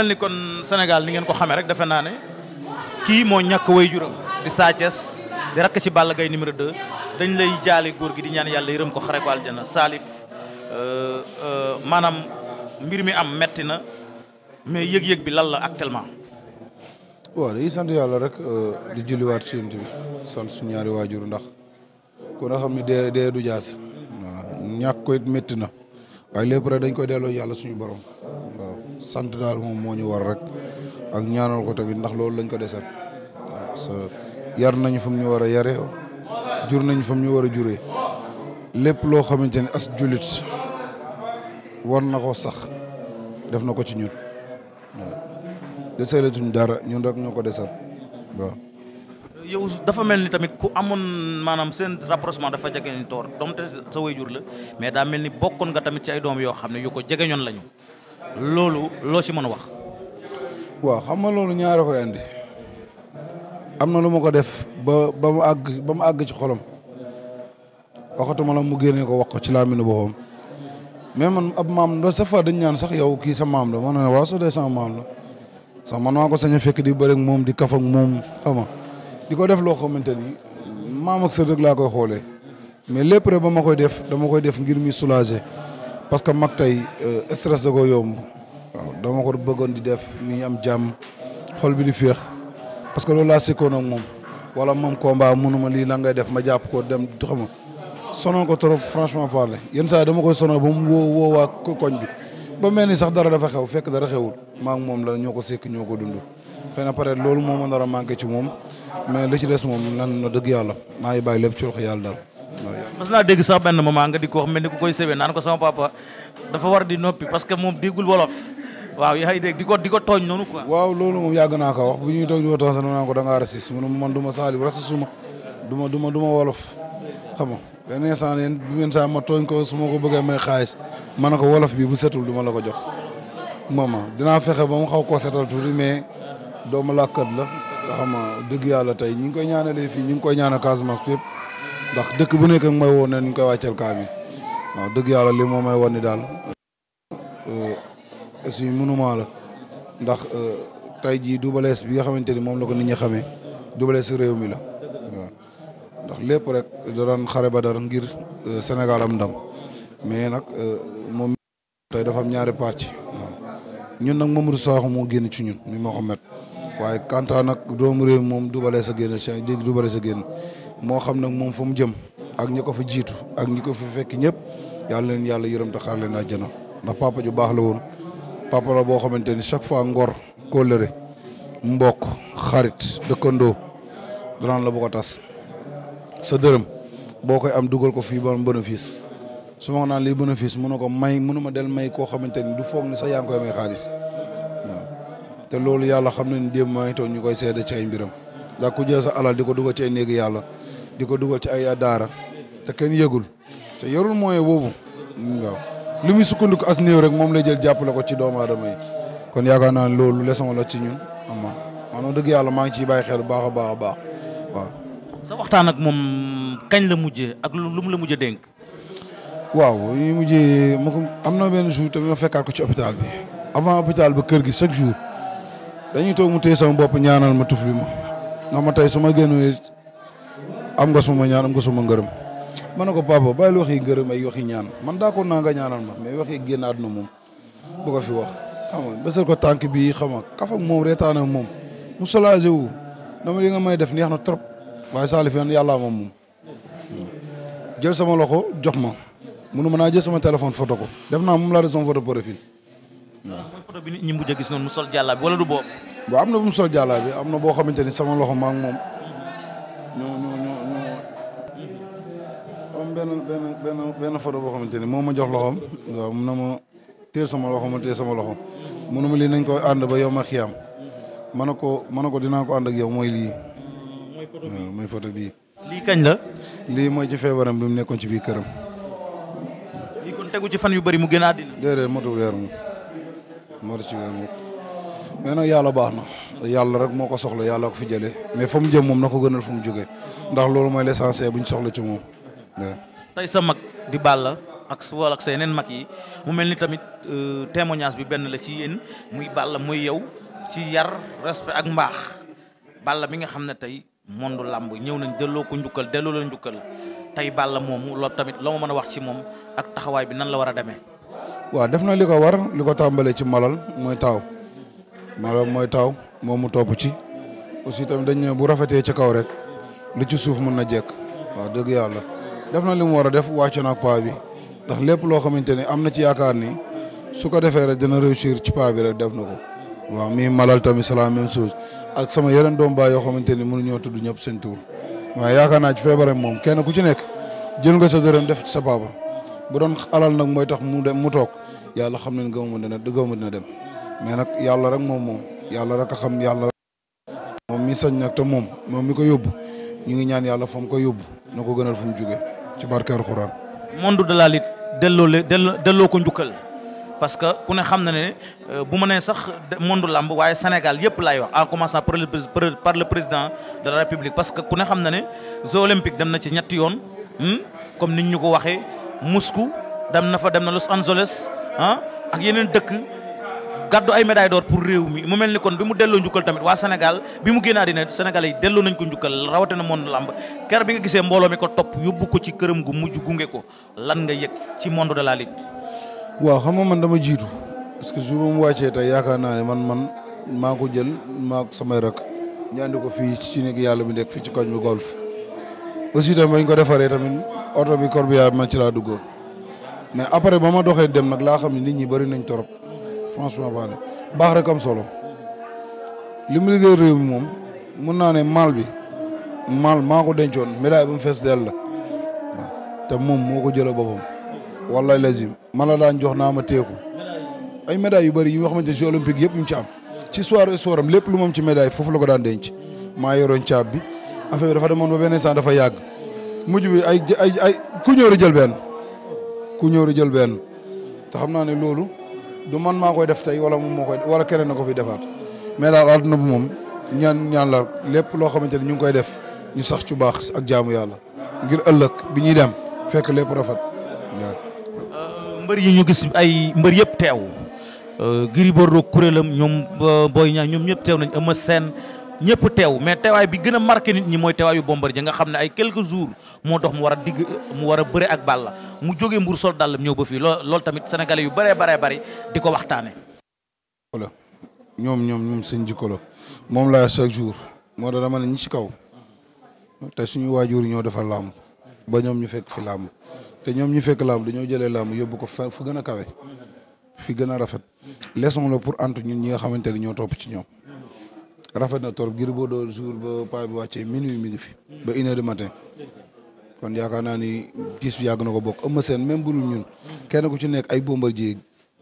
mel ni kon Sénégal ni ngeen ko xamee rek defe naa ne kii moo ñàkk way juram di Sa Thiès di rakk ci Balla Gaye numéro 2 dañ lay jaale góor gi di ñaan yàlla yërëm ko xare ko aljana Salif euh, euh, maanaam mbir mi am metti na mais yëg-yëg bi lan la actuellement. waaw dañuy sant yàlla rek euh, di julliwaat si bi sant suñu ñaari waajur ndax ku nga xam ne dee du jaas. ñàkk ko it waaye lépp rek dañ koy delloo yàlla suñu borom sant daal moom moo ñu war rek ak ñaanal ko tamit ndax loolu lañ ko desat yar nañu fa ñu war a yare jur nañ fa ñu war a jure lépp loo xamante ne as julit war na ko sax def na ko ci ñun waaw desalatuñ dara ñun rek ñoo ko desat waaw yow dafa mel ni tamit ku amoon maanaam seen rapprochement dafa jegeñu toor donte sa wayjur la mais daa mel ni bokkoon nga tamit ci ay doom yoo xam ne yu ko jegeñoon lañu loolu loo ci mën a wax. waaw xam nga loolu ñaar koy andi am na lu ma ko def ba ba mu àgg ba mu àgg ci xolam waxatuma la mu génnee ko wax ko ci laa laaminu boppam mais man ab maam la sa fa dañ ñaan sax yow kii sa maam la ma ne waaw soo dee sama maam la sax man ko sañ fekk di bëri moom di kaf ak di ko def loo xamante ni maam ak sër rek laa koy xoolee mais lépp rek ba ma koy def dama koy def ngir mi soulager parce que mag tey euh, stress da ko yomb waaw dama ko bëggoon di def mi am jàmm xol bi di féex parce que loolu laa sikkoon ak moom wala moom combat mënuma lii la ngay def ma jàpp ko dem xam nga sonoon ko trop franchement parler yenn saa dama koy sono ba mu woo woowaa koñ bi ba mel ni sax dara dafa xew fekk dara xewul maa moom la ñoo ko sekk ñoo ko dund xëy na peut-être loolu moo ma nar a manqué ci moom mais li ci des moom nan na dëgg yàlla maa ngi bàyyi lépp ci loxo yàlla daal. mas naa dégg sax benn moment nga di ko wax mel koy sëwee naan ko ko di ko tooñ noonu naa ko wax bu ñuy da man man du ma saalib rasis ma du ma ma du ma wolof xam nga benn instant yéen bu ngeen saa ma tooñ ko su ma ko bëggee may xaalis ma ne ko wolof bi bu setul du ma la ko jox moom dinaa fexe ba mu xaw setal tuuti mais doomu làkkat la nga dëgg yàlla tey ñi ngi koy ñaanalee fii ñi ngi koy ñaanal Casamance fépp ndax dëkk bu nekk ak may woon ne ñu koy wàcceel kaa bi waaw dëgg yàlla li moo may woon daal euh, suñu monument la ndax euh, tey jii dubalees bi nga xamante ni moom la ko nit ñi xamee dubalees réew mi la ndax lépp rek daan xare ba dara ngir euh, Sénégal am ndam mais nag moom tey dafa am ñaari parti ñun nag Mamadou Sakho moo génn ci ñun mi Mohamed waaye Kanta nag doomu réew moom dubalee sa génn sa dégg dubalee sa génn moo xam nag moom fu mu jëm ak ñi ko fa jiitu ak ñi ko fi fekk ñëpp yàlla leen yàlla yërëm te xaar leen àjjana ndax papa ju baax la woon papa boo xamante ni chaque fois ngor kóllëre mbok xarit dëkkandoo danaan la bu ko tas sa dërëm boo koy am dugal ko fii ba bénéfice su ma naan lii bénéfice mun na ko may mënuma del may koo xamante ni du foog ni sax yaa ngi koy may xaalis te loolu yàlla xam nañ démb maa ngi toog ñu koy seede ci mbiram ndax ku jël sa alal di ko dugal ci ay yàlla di ko dugal ci ay daara te kenn yëgul te yorul moyen boobu waaw li muy sukkandiku as néew rek moom lay jël jàppale ko ci doomu aadama yi kon yaakaar naa loolu leçon la ci ñun am na maanaam dëgg yàlla maa ngi ciy bàyyi xel baax a baax a baax waaw. sa waxtaan ak moom kañ la mujjee ak lu mu la mujjee dénk. waaw ñu mujjee ma am na benn jour tamit ma fekkaat ko ci hôpital bi avant hôpital ba kër gi chaque jour dañuy toog mu téye sama bopp ñaanal ma tufli ma ndax ma tey su ma génnee am nga suma ñaan am nga suma ngërëm ma ne ko papa bàyyil wax yi ngërëm ay wax yi ñaan man d'accord naa nga ñaanal ma mais wax yi génn àdduna moom bu ko fi wax xam nga ko tànk bi xam nga kaf ak moom reetaana moom mu soulagé wu dama li nga may def neex na trop waaye Salif yàlla moom moom jël sama loxo jox ma mënuma naa jël sama téléphone foto ko def naa moom laa def sama photo profil. waaw mooy photo bi a gis wala du boobu. na bu mu sol bi am boo xamante ni sama loxo maa ngi moom. ñoo boo xamante ni moo ma jox na ma téye sama loxo ma téye sama loxo. lii nañ ko ànd ba yow ma xiyaam. ma ne ko ko dinaa ko ànd yow mooy lii. mooy photo bii waaw mooy photo bii. lii kañ la. lii mooy ci feebaram bi mu nekkoon ci biir këram. tegu ci fan yu bëri mu génn àddina. déedéet motu weer moom motu ci weer moom mais yàlla baax na. yàlla rek moo ko soxla yàlla ko fi jëlee mais fa mu jëm moom na ko gënal fu mu jógee ndax loolu mooy l'essentiel bu ñu soxla ci moom. tey sa mag di Balla ak su wala ak sa yeneen mag yi mu mel ni tamit euh, témoignage bi benn la ci yéen muy Balla muy yow ci yar respect ak mbaax Balla bi nga xam ne tey monde làmb ñëw nañ delloo ko njukkal delloo la njukkal. tey Balla moomu loolu tamit loo ma mën a wax ci moom ak taxawaay bi nan la war a demee. waaw def na li ko war li ko tàmbalee ci malal mooy taw malal mooy taw moom mu topp ci aussi tamit dañ ne bu rafetee ci kaw rek lu ci suuf mën na jekk waaw dëgg yàlla def na li mu war a def wàcc na ak paa ndax lépp loo xamante ne am na ci yaakaar ni su ko defee rek dina réussir ci paa bi rek def na ko. waaw mi malal tamit c'est la même chose ak sama yeneen doom baa yoo xamante ni mënuñoo tudd ñëpp seen waaye yaakaar naa ci feebaram moom kenn ku ci nekk jël nga sa dërëm def ci sa baaba bu doon alal nag mooy tax mu dem mu toog yàlla xam nañ gëmuma dina gëmuma dina dem mais nag yàlla rek moom moom yàlla rek a xam yàlla moom mi sañ nag te moom moom mi ko yóbbu ñu ngi ñaan yàlla fa mu ko yóbbu na ko gënal fu mu jóge ci barkeeru Xuraan monde de la lutte delloo delloo ko njukkal parce que ku ne xam na ne euh, bu ma nee sax monde làmb waaye Sénégal yëpp laay wax en commençant par le par le président de la République parce que ku ne xam na ne jeux olympique dem na ci ñetti yoon hmm? comme niñ ñu ko waxee Moscou dem na fa dem na Los Angeles ah ak yeneen dëkk gàddu ay médaille pour réew mi mu mel ni kon bi mu delloo njukkal tamit waa Sénégal bi mu génnaa dina Sénégalais yi delloo nañ ko njukkal rawatina monde làmb ker bi nga gisee mbooloo mi ko topp yóbbu ko ci këram gu mujj gunge ko lan nga yëg ci monde de la lutte waaw xam nga man dama jiitu parce que jour ba mu wàccee tey yaakaar naa ne man man maa ko jël maa ak samay rak ñaandi ko fii ci nekk yàlla bi nekk fii ci koñ bi golf aussi tamit bañ ko defaree tamit oto bi corbillard bi ma ci laa duggoon mais après ba ma doxee dem nag laa xam ne nit ñi bëri nañ torop franchement baax na baax rek am solo li mu réew mi moom mun naa ne maal bi maal maa ko dencoon médaille bu mu fees dell la te moom moo ko jëlee boppam. wallaay lazim man la daan jox naa ma teeku ay médailles yu bëri yi nga xamante ci olympique yëpp ñu ci am ci soir soiram lépp lu moom ci médaille foofu la ko daan denc maa yoroon caab bi affaire bi dafa moom ba benn instant dafa yàgg mujj bi ay ay ay ku ñëw jël benn ku ñëw jël benn te xam naa ne loolu du man maa koy def tey wala moom moo koy wala keneen na ko fi defaat mais daal àdduna bi moom ñaan ñaan la lépp loo xamante ne ñu ngi koy def ñu sax ci baax ak jaamu yàlla ngir ëllëg bi ñuy dem fekk lépp rafet mbër yi ñu gis ay mbër yëpp teew euh, Gris Bordeaux kuréelam ñoom euh, Boy Niang ñoom ñëpp teew nañ Eumeu Sène ñëpp teew mais teewaay bi gën a marqué nit ñi mooy teewaayu Bombardier nga xam ne ay quelques jours moo dox mu war a digg mu war a bëre ak Balla mu jógee Mbour sol dàllam ñëw ba fii loo loolu tamit sénégalais yu bëree baree bari di ko waxtaane ñoom ñoom ñoom seen jikko la moom laa chaque jour moo tax dama ne ñi ci kaw te suñu waajur ñoo defar làmb ba ñoom ñu fekk fi làmb te ñoom ñu fekk làmb dañoo jëlee làmb yóbbu ko fa fu gën a kawe fi gën a rafet leçon la pour antu ñun ñi nga xamante ne ñoo topp ci ñoom rafet na torop ngir boo doon jour ba paa bi wàccee minuit mi ngi fi ba une heure matin kon yaakaar naa ni tiis bi yàgg na ko bokk ëmma seen même bu ñun kenn ku ci nekk ay bombardier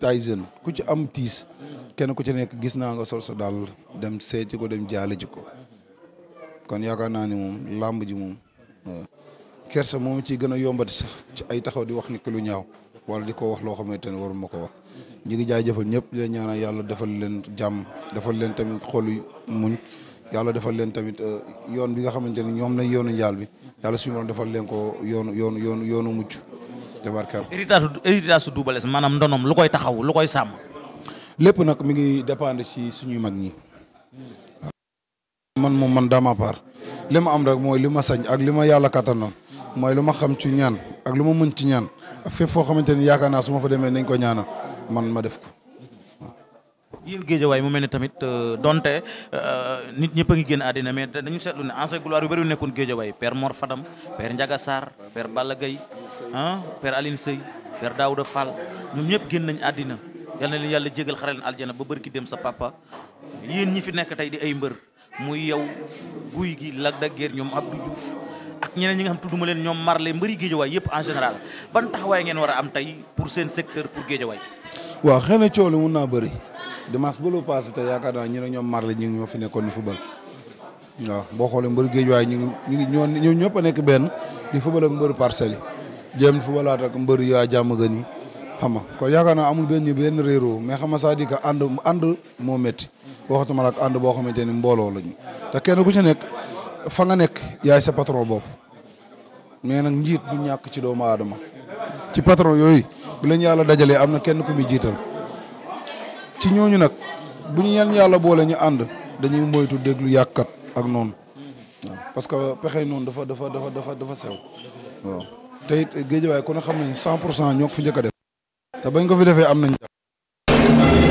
Tyson ku ci am tiis kenn ku ci nekk gis naa nga sol sa daal dem seeti ko dem jaale ji ko kon yaakaar naa ni moom làmb ji moom kersa moom ciy gën a yombati sax ci ay taxaw di wax ni lu ñaaw wala di ko wax loo xamante ne waruma ko wax ñu ngi jaajëfal ñëpp di yàlla defal leen jàmm defal leen tamit xolu muñ yàlla defal leen tamit euh, yoon bi nga xamante ni ñoom nañ yoonu njaal bi yàlla suñu borom defal leen ko yoonu yoonu yoonu yoonu mucc tabarkal héritage héritage maanaam ndonom lu koy taxaw lu koy sàmm lépp nag mi ngi dépendre ci suñuy mag ñi man moom man dama part li ma am rek mooy li ma sañ ak li ma yàlla kattanoon mooy lu ma xam ci ñaan ak lu ma mën ci ñaan ak fépp foo xamante ni yaakaar naa su ma fa demee nañ ko ñaana man ma def ko. yéen géejawaay mu mel ne tamit euh, donte euh, nit ñëpp a ngi génn àddina mais dañu seetlu ne ancien gloire yu bëri yu nekkoon géejawaay père Mor Fadam père Ndiaga Sarr Balla Gaye ah père Aline Sey père Daouda Fall ñoom ñëpp génn àddina yal na leen yàlla jegal xare leen aljana ba bërki dem sa papa yéen ñi fi nekk tey di ay mbër muy yow guy gi Lac de Guiers ak ñeneen ñi nga xam tudduma leen ñoom Marley mbëri géejawaay yëpp en général ban taxawaay ngeen war a am tey pour seen secteur pour géejawaay waaw xëy na coow li mun naa bëri dimanche ba loo passé te yaakaar naa ñu ne ñoom Marley ñu ngi ñoo fi nekkoon di football waaw boo xoolee mbëri géejawaay ñu ngi ñu ngi ñoo ñoom ñëpp a nekk benn di football ak mbëri parcelles yi jéem footballaat ak mbëri yaa jàmm gën yi xam nga kon yaakaar naa amul benn ñu benn réeroo xam nga c'est-à-dire que ànd ànd ànd boo xamante ni mbooloo lañu te kenn ku fa nga nekk yaay sa patron boobu mais nag njiit du ñàkk ci doomu aadama ci patron yooyu bu leen yàlla dajalee am na kenn ku muy jiital ci ñooñu nag bu ñu yàlla boole ñu ànd dañuy moytu déglu yàkkat ak noonu parce que pexe noonu dafa dafa dafa dafa dafa sew waaw te it géejawaay ku ne xam nañ cent pour cent ñoo ko fi njëkk a def te bañ ko fi defee am nañ